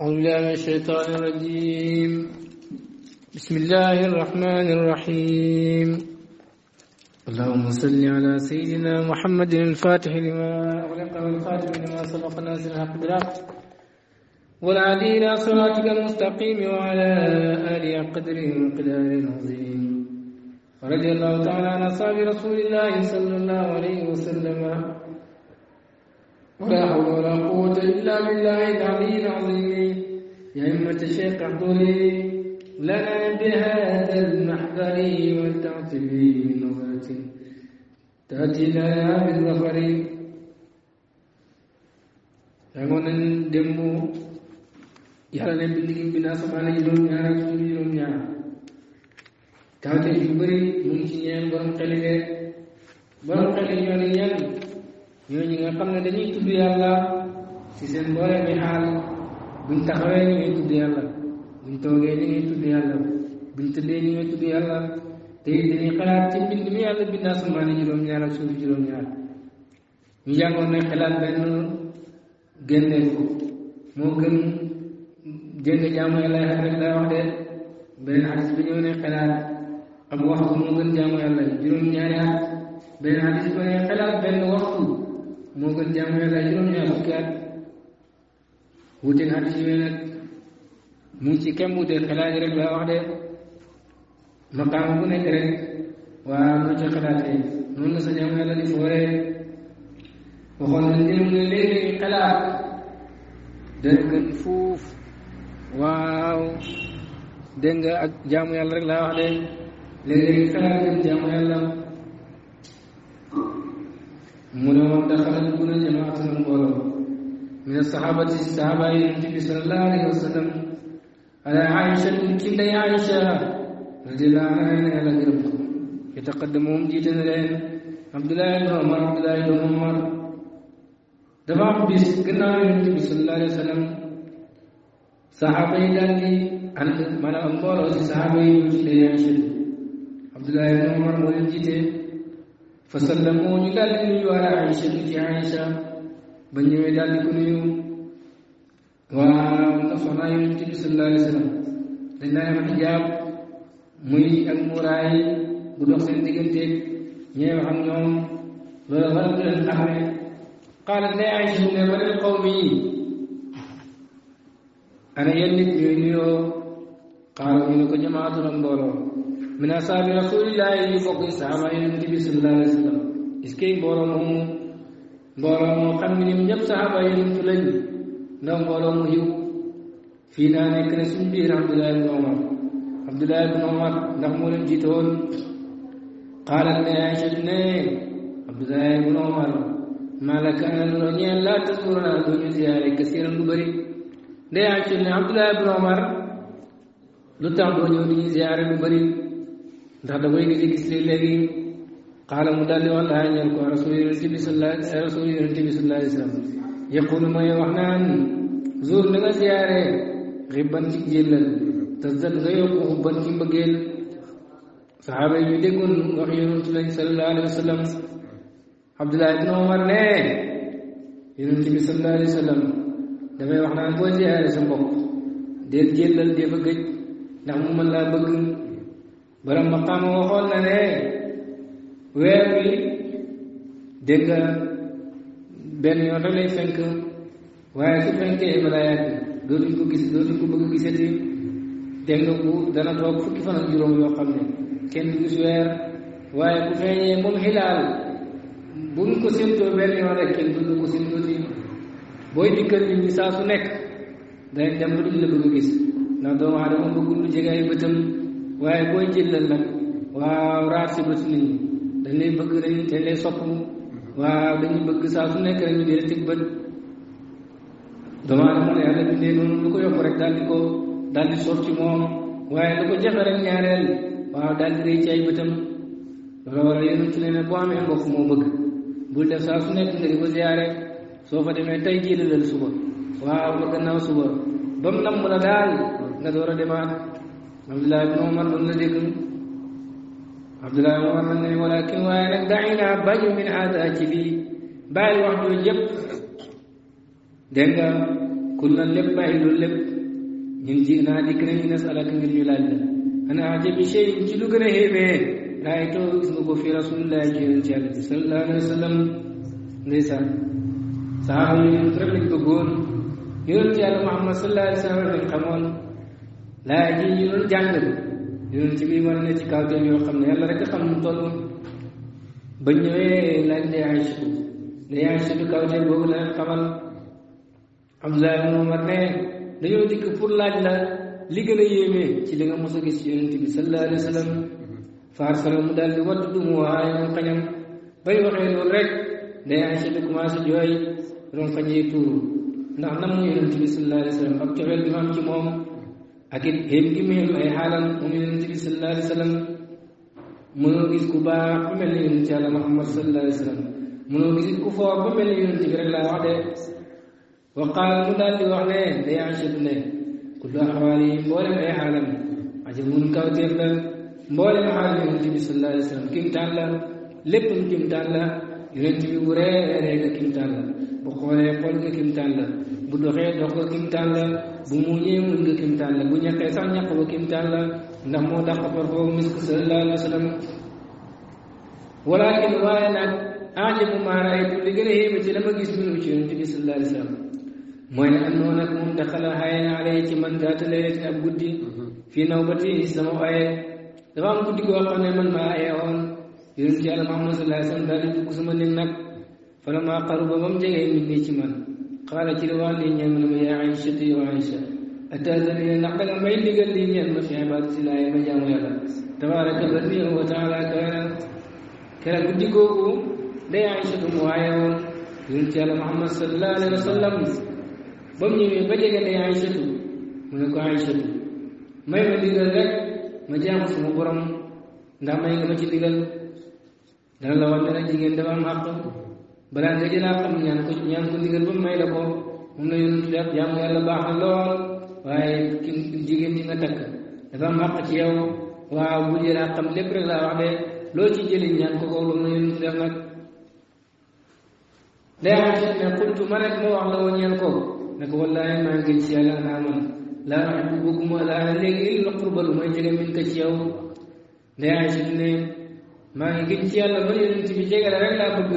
أعوذ بالله من الشيطان الرجيم بسم الله الرحمن الرحيم اللهم صل على سيدنا محمد الفاتح لما أغلق والخاتم لما سبق نازل الحق بالحق والعلي إلى صراطك المستقيم وعلى آل قدر وقدار عظيم رضي الله تعالى عن أصحاب رسول الله صلى الله عليه وسلم ولا حول ولا قوة إلا بالله العلي العظيم يا أمة الشيخ احضري لنا بهذا المحضر ولتعتبي من نظرة تأتي لنا بالظفر يقول الدم يقول الدم بنا سبحانه يدوم يا رسول يدوم يا تأتي جبري ممكن يعني برنقل لك برنقل يعني يعني ñoo ñi nga xam ne dañuy tudd yàlla si seen mbooleemi xaal buñ taxawee ñu ngay tudd yàlla buñ toogee ñu ngay tudd yàlla buñ tëddee ñu ngay tudd yàlla te it dañuy xalaat ci mbind mi yàlla bind asamaan yi juróom-ñaar ak suuf juróom-ñaar ñu jàngoon ne xalaat benn génneel ko moo gën génn jaamu yàlla yi rek laa wax de benn bi xalaat waxtu gën jaamu ñaari at xalaat waxtu moo gën jaamu yàlla ay juróom-ñaar fukki at wuuteeg xaddis yooyu nag mu ci kenn wuuteeg xalaat rek laa wax de maqaama bu nekk rek waa lu ci xalaatee noonu la sa jaamu yàlla di fooree waxoon nañ ne mu ne léegi xalaat dana gën fuuf waaw dégg nga ak jaamu rek laa wax de léegi xalaat gën jaamu yàlla. من دخل الجنة جماعة من من الصحابة الصحابة النبي صلى الله عليه وسلم على عائشة كنت يا عائشة رضي الله عنها على يتقدمون جيدا لين عبد الله بن عمر عبد الله بن عمر دفع بس كنا النبي صلى الله عليه وسلم صحابة يدعني أنا من أمور الصحابة يقول لي عبد الله بن عمر مولد جيدا ಫಸಲ್ಲಮೂ ಇಲ್ಲೂ ಆಯಿಷನಿಗೆ ಆಯಿಷ ಬನ್ಯುವೇದಾದಿ ಕುನಿಯು wa sonayu ci sallallahu alayhi wasallam dañ la wax hijab muy ak muraay bu dox seen diggante ñew xam ñoom loolu wala bu leen taxawé qalat la aisha ne wala qawmi ana yenn nit ñuy nuyoo من أصحاب رسول الله يقول صحابة النبي صلى الله عليه وسلم إسكي بورمهم mbooloo xam ne ñoom ñëpp saxaaba yi ñu lañ ndaw mbooloo mu yiw fii naa nekk na suñ biir abdullah ibn omar abdullah ibn omar ndax moo leen jiite woon ne aïcha ne abdullah ibn omar malaka na lu ñeen laa tasurana lu kasiran lu bëri ndey ne abdullah ibn omar lu ndax da koy gis gis léegi xaala mu daal di wax laa ñeel ko rasul yonent bi sallallahu alayhi rasul yonent bi sallallahu alayhi wasallam yaqulu mooy wax naan zuur na nga siyaare xibban ci jëllal te zat nga yokku xubban ci mbëggeel saxaaba yi ñu déggoon wax yonent lañ sallallahu alayhi wasallam abdullah ibn omar ne yonent bi sallallahu alayhi wasallam dafay wax naan boo siyaare sa mbokk deel jëllal dee fa gëj ndax mu mën laa bëgg borom maqaama waxoon na ne weer wi dégg nga benn yoon rek lay fenk waaye su fenkee bala yàgg dootuñ ko gis dootuñ ko bëgg gisati dégg bu dana toog fukki fan juróom yoo xam ne kenn du weer waaye bu feeñee moom xilaal buñ ko séntoo benn yoon rek kenn duñ ko séntooti booy dikkal nit saa su nekk dañ dem duñ la bëgg a gis ndax doomu aadama bëggul lu jege bëtam waaye booy jëllal nag waaw raar si bët nit ñi bëgg dañ te lay waaw dañuy bëgg saa su nekk dañu dee tëg bët damaa demoon yàlla bi dee noonu lu ko yokk rek daal di ko daal di sor ci waaye lu ko jafe rek ñaareel waaw daal di rëy ci a yéen ci ne boo amee su nekk nga ko ziyaare tey jëlalal suba waaw ba gannaaw suba la daal nga door a demaat അബ്ദുല്ലാഹിബ്നോമർ വന്നിരിക്കുന്നു അബ്ദുല്ലാഹിബ്നോമർ പറഞ്ഞു ولكن وانا دعينا عبد من هذا اجلي بل وحده يب دنگا كنا لب عند لب من جئنا ذكر نسألك من جلال أنا أعجب شيء جلوك نهيبه رأيته اسمك في رسول الله صلى الله عليه وسلم ليس صحابي يضرب لك بالقول يرجع محمد صلى الله عليه وسلم القمر laay ji ñu doon jàng bi war na ci kaw teen yoo xam ne yàlla rek a xam nu ne ay sutu ne ay sutu kaw teen boobu la xamal Hamza ne dañoo dikk pour laaj la li gën a yéeme ci li nga mos a gis ci yonent bi sallallahu alayhi wa sallam faar sala mu daal di wattu dumu waaye moom bay waxee loolu rek day ay sutu commencé jooy ron xañee ndax nam mu yonent bi sallallahu alayhi wa sallam ak cofeel ci moom akit it xéem gi mu xéem ay xaalam moom yonent sallallahu alayhi wa sallam mënoo gis ku baax ba mel ni yonent yàlla Muhammad sallallahu alayhi wa sallam mënoo gis ku foor ba mel ni yonent bi rek laa wax de wa qaal mu daal di wax ne day achatu ne kullu axwaal yi mboolem ay xaalam ajabun kawteef la mboolem xaal yonent bi sallallahu alayhi wa sallam kim taan la lépp kim taan la yonent bi bu ree ree kim taan la bu xoolee xool nga kim taan la bu doxee dox ko kimtaan la bu muuñee muñ nga kimtaan la bu ñaqee sax ñaq ba kimtaan la ndax moo dàq par foofu misk sallallahu alayhi wa sallam walakin waaye nag aajabu maa raaytu li gën a yéeme ci la ma gis minu ci yonent bi sallallahu alayhi wa sallam mooy ne am noon moom daxala xaye na alay ci man daata laylatin ab guddi fii naw ba tii sama dafa am guddi goo xam ne man maa aye woon yàlla sallallahu alayhi wa sallam daal di dugg sama nag fa la maa xaru ba ba mu nit ci man قالت الوالدين من يا عائشة يا عائشة أتاذني نقل ما يلقى قال لي يا مشي عباد سلاي ما يلا تبارك الذي هو تعالى كان كان يقول لا عائشة معايا يقول على محمد صلى الله عليه وسلم بمني من بجك يا عائشة منك عائشة ما يمدي لك مجام jaamu suma borom ndax may nga ma ci digal dana la wax a nga jëlaa xam ñaan ko ñaan ko ndigal ba may la ko moom la yonent def jaamu yàlla baax na lool waaye ki jigéen ñi takk dafa am àq ci yow waaw bu jëlaa xam lépp rek laa wax de loo ci jëlee ñaan ko ko loolu la yonent def nag day naa man laa wax bu bëgguma laa ne léegi il qurba lu may jege min ci yow day am ci ne maa ngi ci yàlla ba yonent bi jege la rek laa bëgg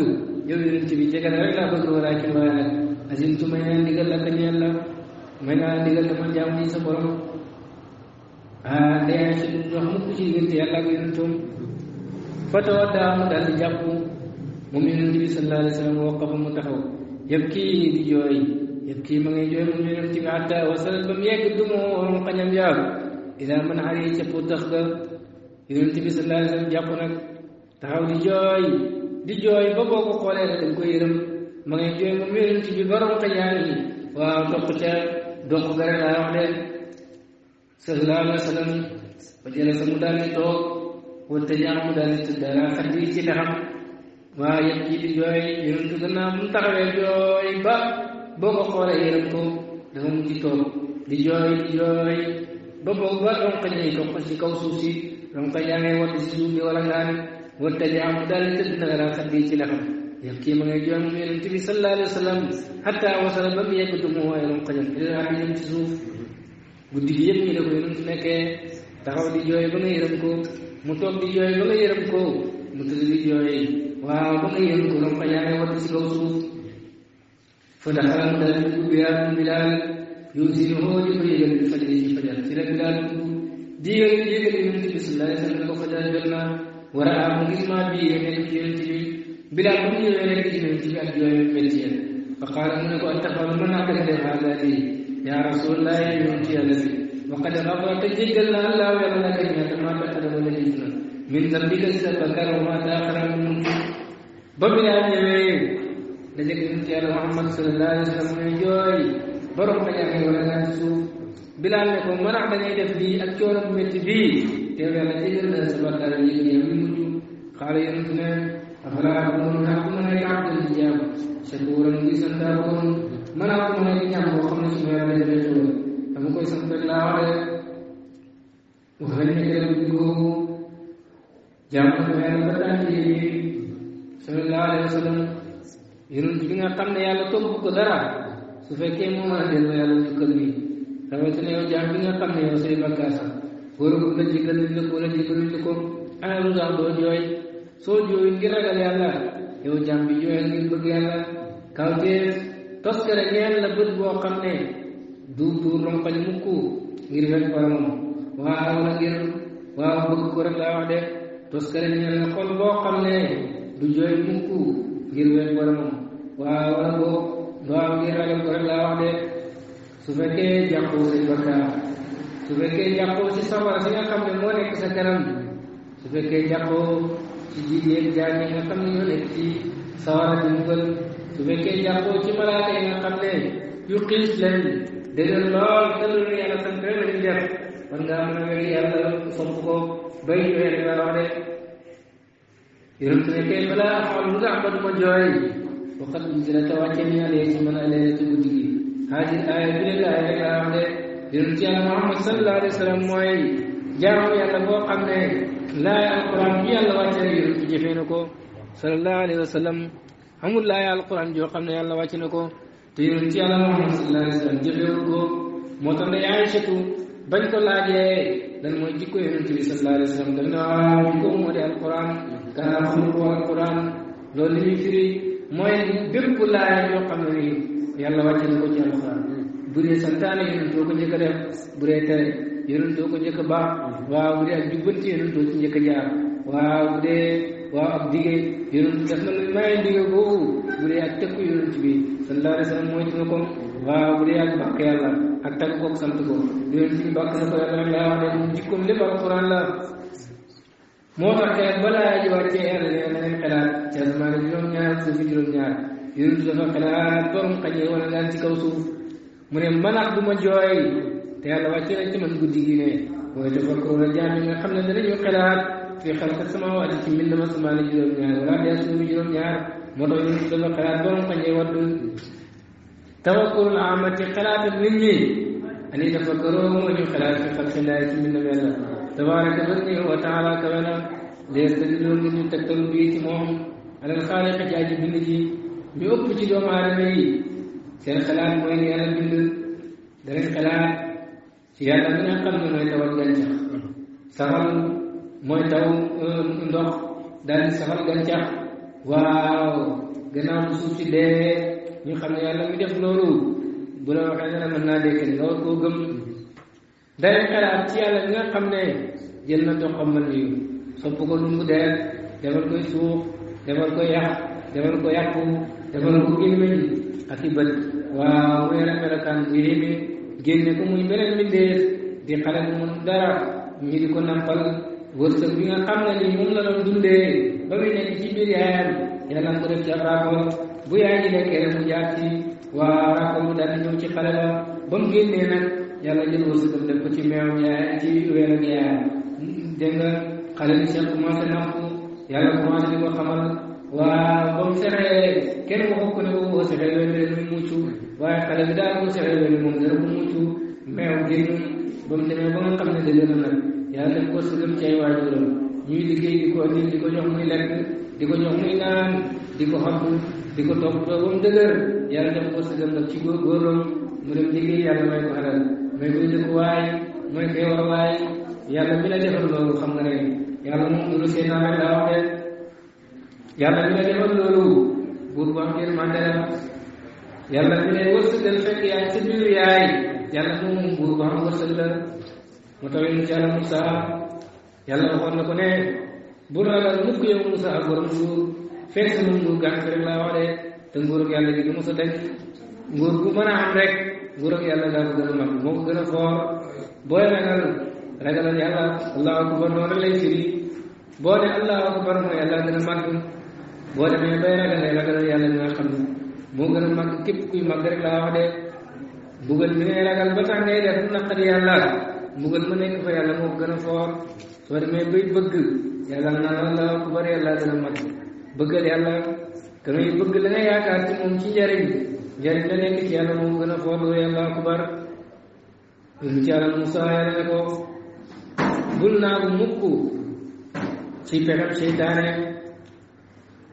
يوجد بيجي كذا لا كنت ولكن ما أزلت من نقل لك يلا من نقل لك من جامني سبورم آه نحمد شيء قلت يلا قلتم فتودع مدى الجبو مؤمن النبي صلى الله عليه وسلم وقف متخو يبكي ديوي يبكي من يجوي من يرتب حتى وصل بم يقدمه ورمقا يمجاب إذا من عليه تفوت تخدر إذا النبي صلى الله عليه وسلم جابونك taxaw di jooy di joy ba boo ko xoolee rek dañ ko yërëm ma ngay jooy moom yonent bi ba raw xajaani waaw topp ca dox gare laa wax de sallallahu alayhi wa ba jële sa mu daal di toog wante jaam mu daal di tëdd laa xaj yi ci taxam waaw yëpp yi di jooy yonent gannaaw mu taxawee jooy ba boo ko xoolee ko dafa mujj toog di jooy di jooy ba boo ba ronkañ yi toog ci kaw suuf si ronkañ wala wal tajaa mu daal di tëdd nag laa xaddi ci lexam yal kii ma ngay jooy moom yonent bi sallallahu alayhi wa sallam xataa wasala ba mu yegg du mu waaye moom xajam ilaa ñoom ci suuf guddi gi yëpp ñu ne ko yonent nekkee taxaw di jooy ba nga yërëm ko mu toog di jooy ba nga yërëm ko mu tëdd di jooy waaw ba nga yërëm ko moom xajaane wadd si kaw suuf fa daxala mu daal di dugg yaa bilaal yuusi hoo di ko yëgal bi fajar yi fajar ci la bilaal dugg di yëgal yëgal yonent bi sallallahu alayhi wa sallam ko fajar jot naa wara mu ngi ma bi yonent yonent bi bila ko ñu yonent yonent bi ak yooyu mel ci yéen fa qaala mu ko anta fa mën naa ko ya rasulullah bi wa qad allah yàlla la kay ñaata maa takkala wala jiit na min dambika sa bakar wa ma taaxara mun ba bi muhammad sallallahu Alaihi Wasallam, sallam ne jooy borom ma ñaaxee wala ne ko def ak தேவையான தேவையான சொல்வாக்கார நீங்கள் எப்படி முடியும் காலை இருந்தன ஜாம்பிங்க góoragu la jéggal nañ la ko wala jéggaluñ la ko ana lu tax doo jooy soo ngir ragal yàlla yow jàmm bi ngir bëgg yàlla kaw tee tos ñeel la bët boo xam ne duub duur ronkoñ ngir fekk boromam waa aw ngir waaw bëgg ko rek laa wax de tos ñeel la xol du ngir ngir ragal ko rek wax de su sebagai jako si sama sehingga kam memori mone ke sakaram. Sebagai jako si jidien jani nga kam ni yone si sawara dunggal. Sebagai jako si malaka nga kam ne yuqis len. Dengan lol telur ni ala tan dere ni yang Wanda mana weli yang sompo bayi weli ala ode. Yurum sebagai bala afal mudah bad majoy. وقد انزلت وجميع ليس من اليله تبدي هذه الايه بلا ايه yonent yàlla Muhammad sallallahu alayhi wa sallam mooy jaamu yàlla boo xam ne laaya alquran bi yàlla wàcce rek yonent ko sallallahu alayhi wa sallam amul laaya alquran joo xam ne yàlla wàcc ko te yonent yàlla Muhammad sallallahu alayhi wa sallam jëfeewul ko moo tax ne yaay setu laajee lan mooy jikko yonent bi sallallahu alayhi wa sallam daf moo di alquran kanaa xamul ko alquran loolu li firi mooy bépp laaya yoo xam ne yàlla wàcce na ko bu dee santaane yonentoo ko njëkk a def bu dee tere yonentoo ko njëkk a baax waaw bu dee ak jubbanti yonentoo ci njëkk a jaar waaw bu dee waaw ak dige yonentu def na lu maye dige boobu bu dee ak tëkku yonent bi sallallahu alayhi wa sallam mooy dina ko waaw bu dee ak bàkk yàlla ak tagg ko sant ko yonent bi bàkk na ko yàlla rek laa wax ne moom jikkoom lépp alquran la moo tax kay balaa ji wàccee yàlla ne na ngeen xelaat ci asamaane juróom-ñaar suufi juróom-ñaar yonentu dafa xelaat borom xañee wala daan ci kaw suuf mu ne manaq bu ma jooy te yàlla wàcce ci man guddi gi ne mooy defa ko wala jaam yi nga xam ne dana ñu xelaat fi xel ka sama waa ci mbir dama sama ne juróom-ñaar wala dee suñu juróom-ñaar moo tax ñu ngi doon xelaat doon xëy na wàllu. tawa ko la ci xelaat ak nit ñi ani dafa ko roo ñu xelaat fi xel ndaay ci ñu wa taala ka wala dee sa di doon ñu tegtal bii ci moom. alal ñu ëpp ci doomu aadama yi seen xalaat mooy ne yàlla bind danañ xalaat ci yàlla mi nga xam ne mooy tawal gàncax safal mooy taw euh, ndox daal di safal waaw gannaaw suuf si dee ñu xam ne yàlla mi def loolu bu la waxee ne la mën naa dee kenn loolu koo gëm danañ xalaat ci yàlla mi nga xam ne jël na doxam man yu sopp ko lu mu dee defal koy suux defal ko yàq defal ko yàqu defal ko gémmiñ asibat waaw weere melokaan bu yéeme génne ko muy beneen mbindeef di xale bu mun dara ñi di ko nampal wërsëg bi nga xam ne ni moom la doon dundee ba muy nekk ci biir yaayam yàlla mu def ci ab rapport bu yaay ji lekkee rek mu jaar ci waa rapport bu daal di ci xale ba ba mu génnee nag yàlla jël wërsëgam def ko ci meew yaay ci weer ak yaayam dégg nga xale bi seen commencé nàmp yàlla commencé di ko xamal waa ba mu fexee kenn waxu ko ne ko boo sexee wér mu mucc waaye xale bi daal bu sexee moom dara bu mucc meew génn ba mu demee ba nga xam ne dëgg na nag yàlla def ko sëgëm ci ay waajuram ñuy liggéey di ko andil di ko jox muy lekk di ko jox muy naan di ko xapp di ko topp ba mu dëgër yàlla def ko sëgëm nag ci góor góoram mu dem liggéey yàlla may ko xelal may koy dëkkuwaay may koy warwaay yàlla bi la defal loolu xam nga ne ಯಾಮಲ್ಲಿನ ಒಂದೂರು ಪೂರ್ವಾಂಗಿನ ಮಂಡಲ ಯಾಮಲ್ಲಿನ ವಸ್ತು ಕೆಲಸಕ್ಕೆ ಅಚ್ಚಿದ್ವಿ ಯಾಯ್ ಎಲ್ಲನೂ ಪೂರ್ವಾಂಗ ವರ್ಷದ ಮತವೇನು ಚಾಲನು ಸಹ ಎಲ್ಲ ಹೊರನ ಕೊನೆ ಬುರ್ರಾಗ ಮುಖ್ಯವನ್ನು ಸಹ ಗುರುಮುಸು ಫೇಸ್ ಮುಂದು ಗಾಂಕರೆಲ್ಲ ಅವಳೆ ತಂಗೂರಿಗೆ ಅಲ್ಲಿಗೆ ಮುಸತೆ ಗುರುಗು ಮನ ಹಂಡ್ರೆಕ್ ಗುರುಗೆ ಎಲ್ಲ ಗಾಂಕರು ಮುಗ್ಗರ ಫೋರ್ ಬೋಯನಗರು ರಗಲ ಎಲ್ಲ ಅಲ್ಲಾಹ್ ಅಕ್ಬರ್ ನೋರಲ್ಲೇ ಸಿರಿ ಬೋನೆ ಅಲ್ಲಾಹ್ ಅಕ್ಬರ್ ಎಲ್ಲ ಮಗ್ಗು boo demee bay ragalee ragalal yàlla mi nga xam ne moo gën a màgg képp kuy màgg rek laa de mbugal mi ngay ragal ba tax ngay def naqari yàlla mbugal ma nekk fa yàlla moo a yàlla naan gën a màgg bëggal yàlla ka ngay bëgg la nga yaakaar ci moom ci njariñ njariñ la nekk ci yàlla moo gën a foor loolu yàlla akbar yéen ci yàlla Musa yàlla ne ko bul naa mukk ci pexem seytaane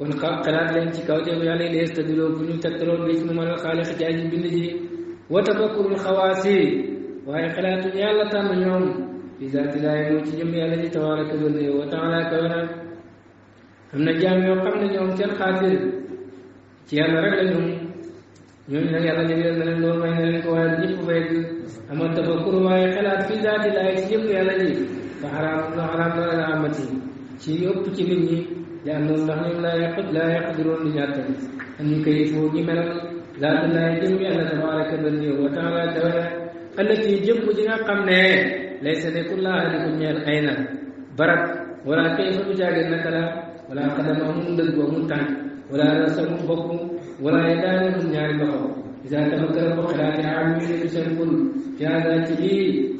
والقاب قناة لين تكاوتي ويالي ليستدلوا كنو تكترون باسم من الخالق جاجي بالنجي وتفكر الخواص وإقلاة يالا تام يوم في ذات لا يموت جميع الذي تبارك ذنه وتعالى كونا هم نجام يوقم نجوم تن خاطر تيان رجلهم يوم لا يلا جميع من نور ما ينال كوان جيب فيد أما التفكر وإقلاة في ذات لا يموت جميع الذي فحرام حرام لا رحمتي شيء يوب تجيبني لأن الله نعم لا يقدر لا يقدرون لذاتهم أن يكيفوا جملا لا لا جل أن تبارك وتعالى تبارك التي جب جنا قمنا ليس لكل أحد من أين برك ولا كيف بجاجنا النكلا ولا قدمهم دد ومنتع ولا رأس بكم ولا يدان من نار إذا تفكر بخلات عامين بسربل في هذا تجيب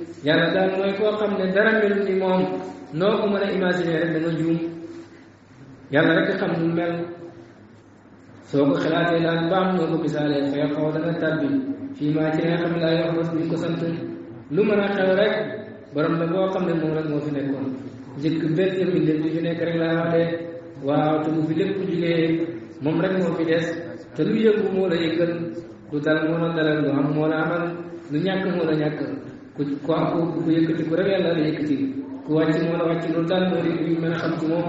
yàlla daal mooy koo xam dara mel ni moom noo ko imaginer rek da nga juum yàlla rek xam nu mel soo ko xalaatee daal baam noo ko misaalee fay xaw dana tàbbi fii maa ci nga xam laa yoo xam ni ko sant lu mën xew rek borom la boo xam ne moom rek moo fi nekkoon njëkk benn mbindeef bi fi rek laa wax de waaw te bu fi lépp jugee moom rek moo fi des te lu yëngu moo la yëgal lu dal moo la dalal lu am la amal lu la kuaku ko rewi allah aɗa yekkitimo ko waccimono waccirol tan ɗo amal ɗumi mana hamtumo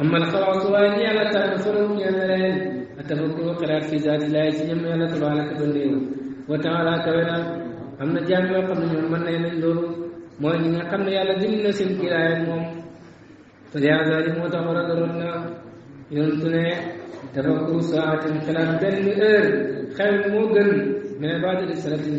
amma alkhawasu wa ni ala ta tafaru ni ala en atafakkur wa qiraat fi zati lahi ci ñam yàlla tabaraka ba néew wa taala kawena am na jaam yoo xam ne ñoom mën nañ nañ loolu mooy ñi nga xam ne yàlla dind na seen kiraayam moom na yontu saatin heure xew gën mais salatin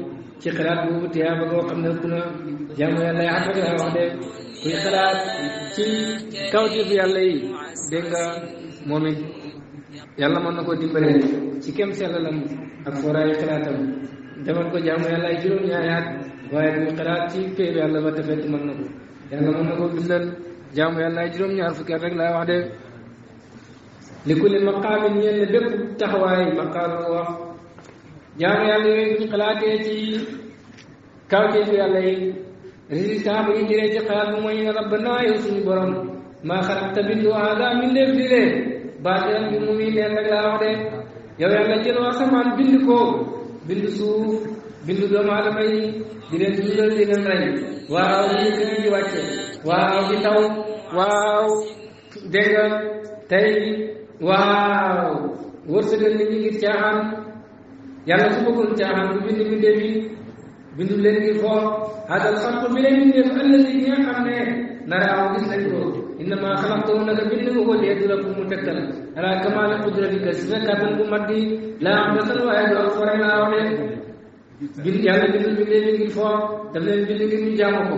ci xalaat boobu tiyaaba goo xam ne ëpp na jaamu yàlla yi xam nga wax de kuy xalaat ci kaw bi yàlla yi dégg moom it yàlla mën na ko dimbale ci la sellalam ak fooraayu xalaatam defal ko jaamu yàlla ay juróom-ñaari at waaye kuy xalaat ci péeb yàlla ba te fekk mën na ko yàlla mën na ko bindal jaamu yàlla ay juróom-ñaar fukki at rek wax de li ku li maqaamin ñenn bépp taxawaay maqaam wax jaamu yàlla yooyu bu ñu xalaatee ci kaw ci yàlla yi résultat bu ñu jëlee ci xalaat bu mooy rabbanaa yow suñu borom maa xalaqta bindu aada mbindeef di lee baatiran bi mu muy leen rek laa wax de yow yàlla jëloo asamaan bind ko bind suuf bind doomu aadama yi di leen dundal di leen rey waaw bi ñu gën di waaw bi waaw dégg nga tey waaw wërsëgal nit ñi ngir caaxaan yàlla su bëggoon caaxaan bu bind bindee bi bindu leen ngir xool haadal xalq bi leen bindee fi alladi ñi nga xam ne naraaw gis nañ ko innama xalaqtahu naka bind nga ko dee dula pour mu tegtal ala kamaali qudratika si sa kàttan bu mat gi laa am dasal waaye du ak fore laa waxee bind yàlla bindu bindee bi ngir xool daf leen bind ngir ñu jaamu ko